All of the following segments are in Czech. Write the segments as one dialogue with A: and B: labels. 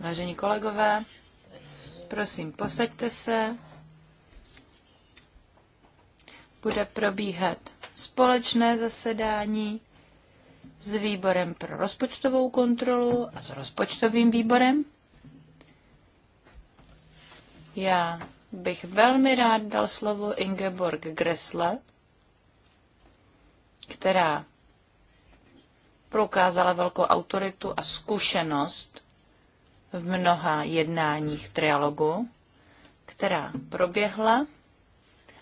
A: Vážení kolegové, prosím, posaďte se. Bude probíhat společné zasedání s výborem pro rozpočtovou kontrolu a s rozpočtovým výborem. Já bych velmi rád dal slovo Ingeborg Gressle, která prokázala velkou autoritu a zkušenost v mnoha jednáních trialogu, která proběhla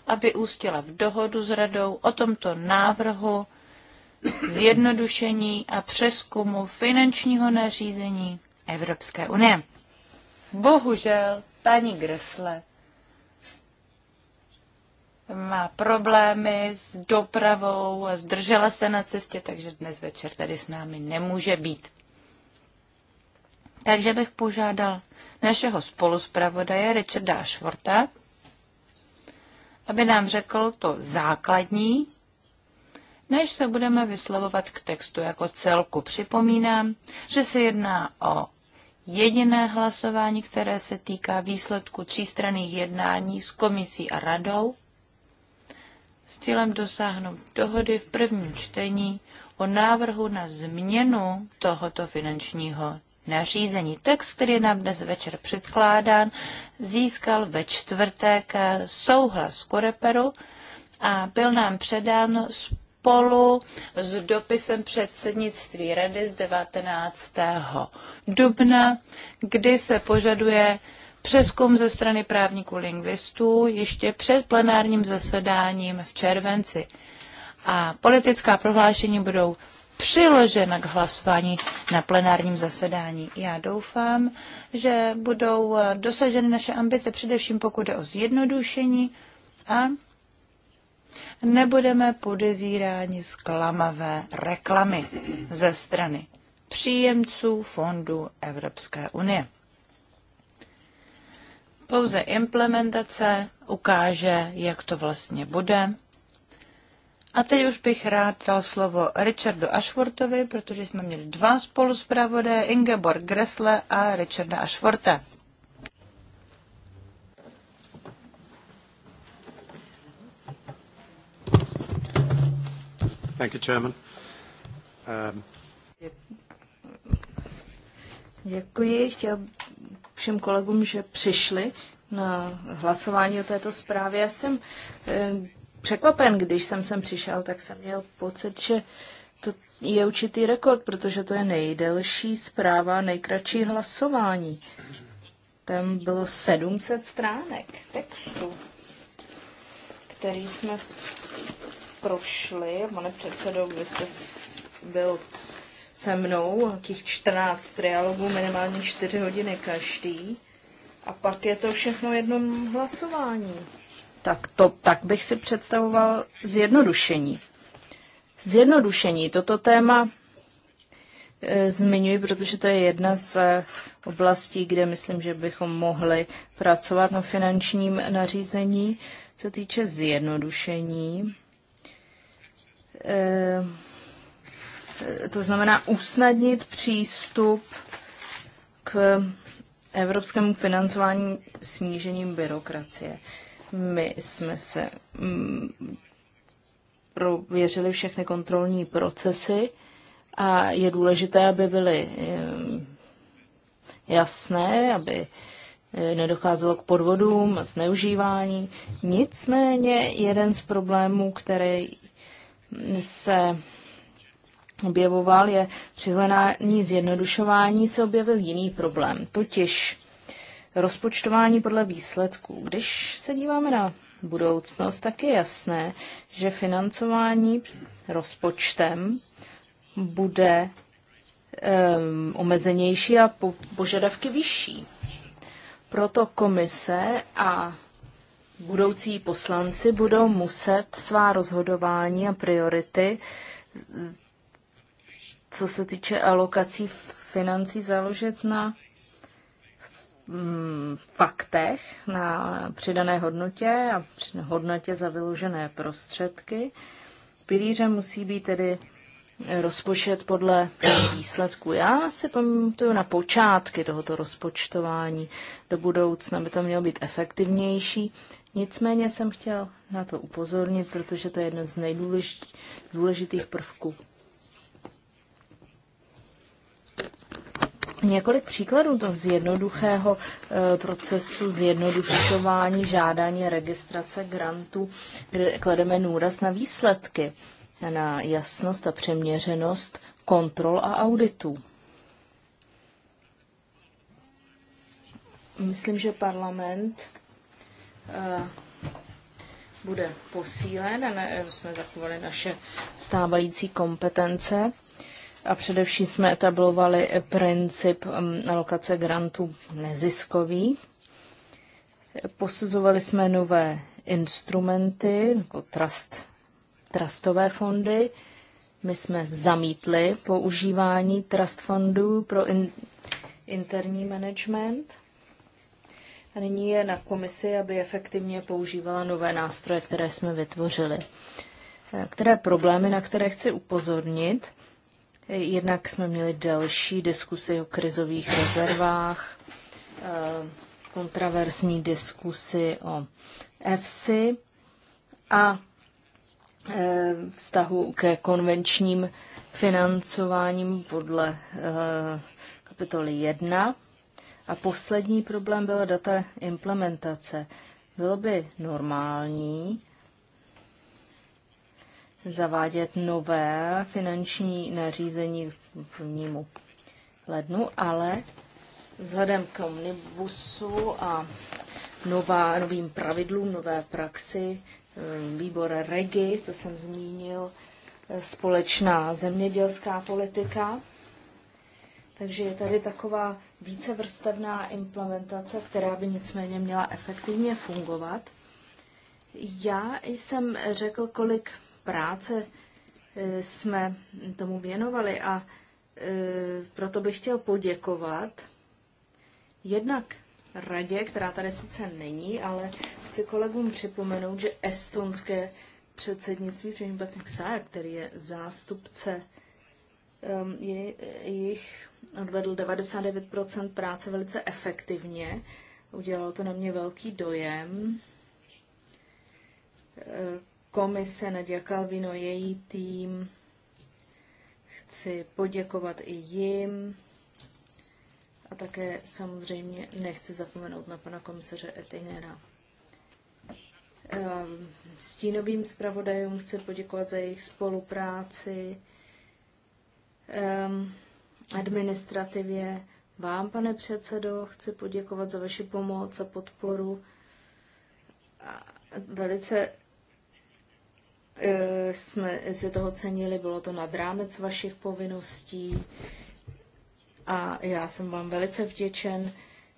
A: aby ústila v dohodu s radou o tomto návrhu zjednodušení a přeskumu finančního nařízení Evropské unie. Bohužel, paní Gresle má problémy s dopravou, zdržela se na cestě, takže dnes večer tady s námi nemůže být. Takže bych požádal našeho spoluspravodaje Richarda Ashworta, aby nám řekl to základní, než se budeme vyslovovat k textu jako celku. Připomínám, že se jedná o jediné hlasování, které se týká výsledku třístranných jednání s komisí a radou s cílem dosáhnout dohody v prvním čtení o návrhu na změnu tohoto finančního nařízení. Text, který je nám dnes večer předkládán, získal ve čtvrtek souhlas Koreperu a byl nám předán spolu s dopisem předsednictví Rady z 19. dubna, kdy se požaduje přeskum ze strany právníků lingvistů ještě před plenárním zasedáním v červenci. A politická prohlášení budou přiložena k hlasování na plenárním zasedání. Já doufám, že budou eh, dosaženy naše ambice, především pokud jde o zjednodušení a nebudeme podezíráni zklamavé reklamy ze strany příjemců fondů Evropské unie. Pouze implementace ukáže, jak to vlastně bude. A teď už bych rád dal slovo Richardu Ashwortovi, protože jsme měli dva zpravodé, Ingeborg Gressle a Richarda Ashworta.
B: Thank you, Chairman. Um... Děkuji. Chtěl všem kolegům, že přišli na hlasování o této zprávě. Já jsem eh, překvapen, když jsem sem přišel, tak jsem měl pocit, že to je určitý rekord, protože to je nejdelší zpráva, nejkratší hlasování. Tam bylo 700 stránek textu, který jsme prošli. Pane předsedo, vy jste byl se mnou, těch 14 trialogů, minimálně 4 hodiny každý. A pak je to všechno jednom hlasování. Tak, to, tak bych si představoval zjednodušení. Zjednodušení. Toto téma e, zmiňuji, protože to je jedna z e, oblastí, kde myslím, že bychom mohli pracovat na finančním nařízení, co týče zjednodušení. E, to znamená usnadnit přístup k evropskému financování snížením byrokracie. My jsme se mm, prověřili všechny kontrolní procesy a je důležité, aby byly mm, jasné, aby e, nedocházelo k podvodům a zneužívání. Nicméně jeden z problémů, který se objevoval, je při hledání zjednodušování se objevil jiný problém, totiž rozpočtování podle výsledků. Když se díváme na budoucnost, tak je jasné, že financování rozpočtem bude um, omezenější a po, požadavky vyšší. Proto komise a budoucí poslanci budou muset svá rozhodování a priority co se týče alokací financí, založit na mm, faktech, na přidané hodnotě a hodnotě za vyložené prostředky. Pilířem musí být tedy rozpočet podle výsledku. Já si pamatuju na počátky tohoto rozpočtování do budoucna, by to mělo být efektivnější. Nicméně jsem chtěl na to upozornit, protože to je jeden z nejdůležitých prvků Několik příkladů toho jednoduchého eh, procesu zjednodušování žádání registrace grantu, kde klademe nůraz na výsledky, na jasnost a přeměřenost kontrol a auditů. Myslím, že parlament eh, bude posílen a jsme zachovali naše stávající kompetence a především jsme etablovali princip alokace grantů neziskový. Posuzovali jsme nové instrumenty, jako trust, trustové fondy. My jsme zamítli používání trust fondů pro in, interní management. A nyní je na komisi, aby efektivně používala nové nástroje, které jsme vytvořili. Eh, které problémy, na které chci upozornit – Jednak jsme měli další diskusy o krizových rezervách, eh, kontroverzní diskusy o EFSI a eh, vztahu ke konvenčním financováním podle eh, kapitoly 1. A poslední problém byla data implementace. Bylo by normální, zavádět nové finanční nařízení v prvnímu lednu, ale vzhledem k omnibusu a nová, novým pravidlům, nové praxi, eh, výbor REGI, to jsem zmínil, eh, společná zemědělská politika. Takže je tady taková vícevrstevná implementace, která by nicméně měla efektivně fungovat. Já jsem řekl, kolik práce eh, jsme tomu věnovali a eh, proto bych chtěl poděkovat jednak radě, která tady sice není, ale chci kolegům připomenout, že estonské předsednictví, především Sár, který je zástupce, ehm, je, jich odvedl 99% práce velice efektivně. Udělalo to na mě velký dojem. Ehm, komise Nadia Kalvino, její tým. Chci poděkovat i jim. A také samozřejmě nechci zapomenout na pana komisaře Etinera. Ehm, stínovým zpravodajům chci poděkovat za jejich spolupráci, ehm, administrativě. Vám, pane předsedo, chci poděkovat za vaši pomoc a podporu. a Velice E, jsme si toho cenili, bylo to nad rámec vašich povinností a já jsem vám velice vděčen,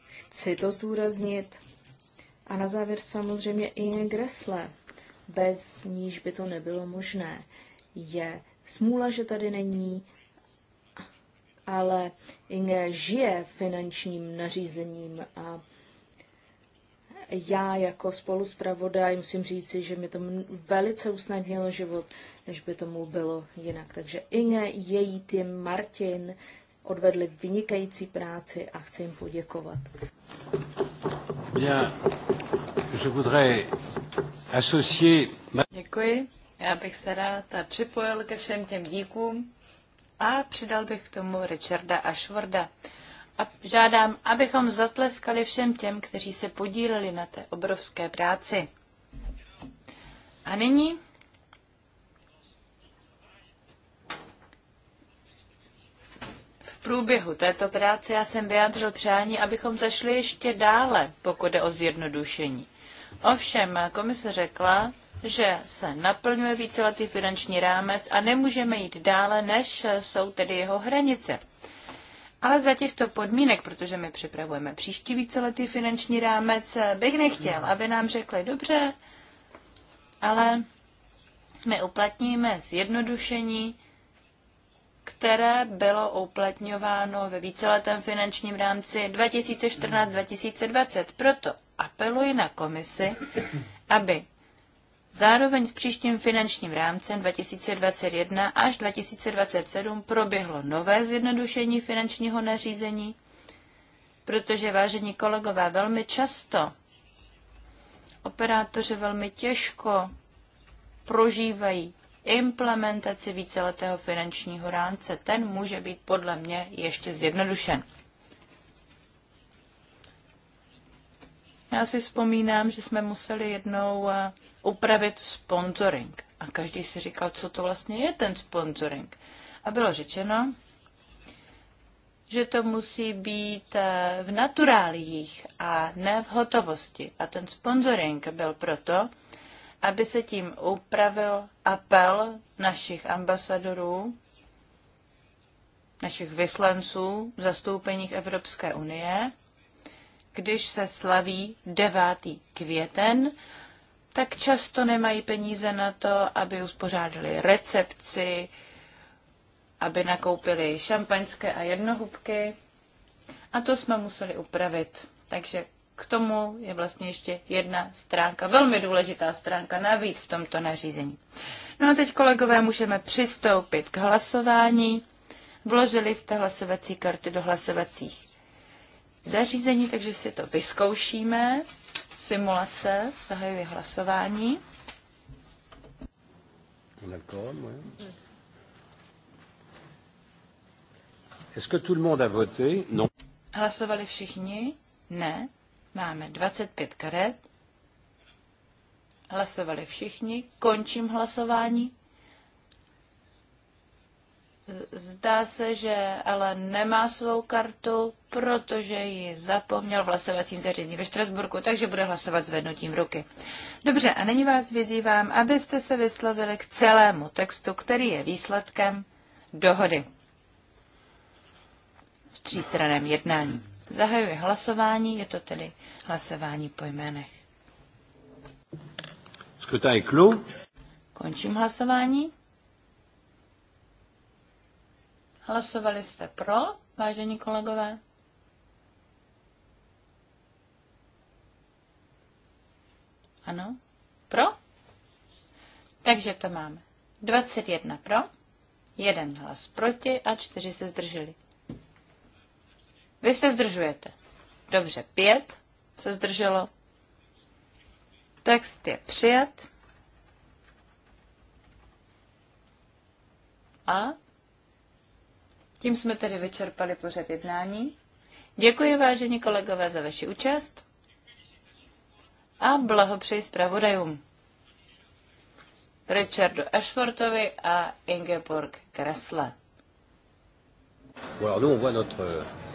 B: chci to zdůraznit. A na závěr samozřejmě i Gressle, bez níž by to nebylo možné. Je smůla, že tady není, ale Inge žije finančním nařízením a já jako spoluzpravodaj musím říci, že mi to velice usnadnilo život, než by tomu bylo jinak. Takže Inge, její tým, Martin odvedli vynikající práci a chci jim poděkovat. Bien. Je voudrais
A: Děkuji. Já bych se rád připojil ke všem těm díkům a přidal bych k tomu Richarda Ashworda a žádám, abychom zatleskali všem těm, kteří se podíleli na té obrovské práci. A nyní v průběhu této práce já jsem vyjádřil přání, abychom zašli ještě dále, pokud je o zjednodušení. Ovšem, komise řekla, že se naplňuje víceletý finanční rámec a nemůžeme jít dále, než jsou tedy jeho hranice. Ale za těchto podmínek, protože my připravujeme příští víceletý finanční rámec, bych nechtěl, aby nám řekli, dobře, ale my uplatníme zjednodušení, které bylo uplatňováno ve víceletém finančním rámci 2014-2020. Proto apeluji na komisi, aby Zároveň s příštím finančním rámcem 2021 až 2027 proběhlo nové zjednodušení finančního nařízení, protože, vážení kolegové, velmi často operátoři velmi těžko prožívají implementaci víceletého finančního rámce. Ten může být podle mě ještě zjednodušen. Já si vzpomínám, že jsme museli jednou eh, upravit sponsoring. A každý si říkal, co to vlastně je ten sponsoring. A bylo řečeno, že to musí být eh, v naturálích a ne v hotovosti. A ten sponsoring byl proto, aby se tím upravil apel našich ambasadorů, našich vyslanců v zastoupeních Evropské unie, když se slaví 9. květen, tak často nemají peníze na to, aby uspořádali recepci, aby nakoupili šampaňské a jednohubky. A to jsme museli upravit. Takže k tomu je vlastně ještě jedna stránka, velmi důležitá stránka navíc v tomto nařízení. No a teď, kolegové, můžeme přistoupit k hlasování. Vložili jste hlasovací karty do hlasovacích zařízení, takže si to vyzkoušíme. Simulace, zahajuje hlasování. Hlasovali všichni? Ne. Máme 25 karet. Hlasovali všichni. Končím hlasování. Zdá se, že ale nemá svou kartu, protože ji zapomněl v hlasovacím zařízení ve Štrasburku, takže bude hlasovat zvednutím ruky. Dobře, a nyní vás vyzývám, abyste se vyslovili k celému textu, který je výsledkem dohody v třístraném jednání. Zahajuje hlasování, je to tedy hlasování po jménech. Končím hlasování. Hlasovali jste pro, vážení kolegové? Ano? Pro? Takže to máme. 21 pro, 1 hlas proti a 4 se zdrželi. Vy se zdržujete. Dobře, 5 se zdrželo. Text je přijat. A tím jsme tedy vyčerpali pořad jednání. Děkuji vážení kolegové za vaši účast a blahopřeji zpravodajům Richardu Ashfordovi a Ingeborg Kressle.
B: Well, nous, on voit notre, euh,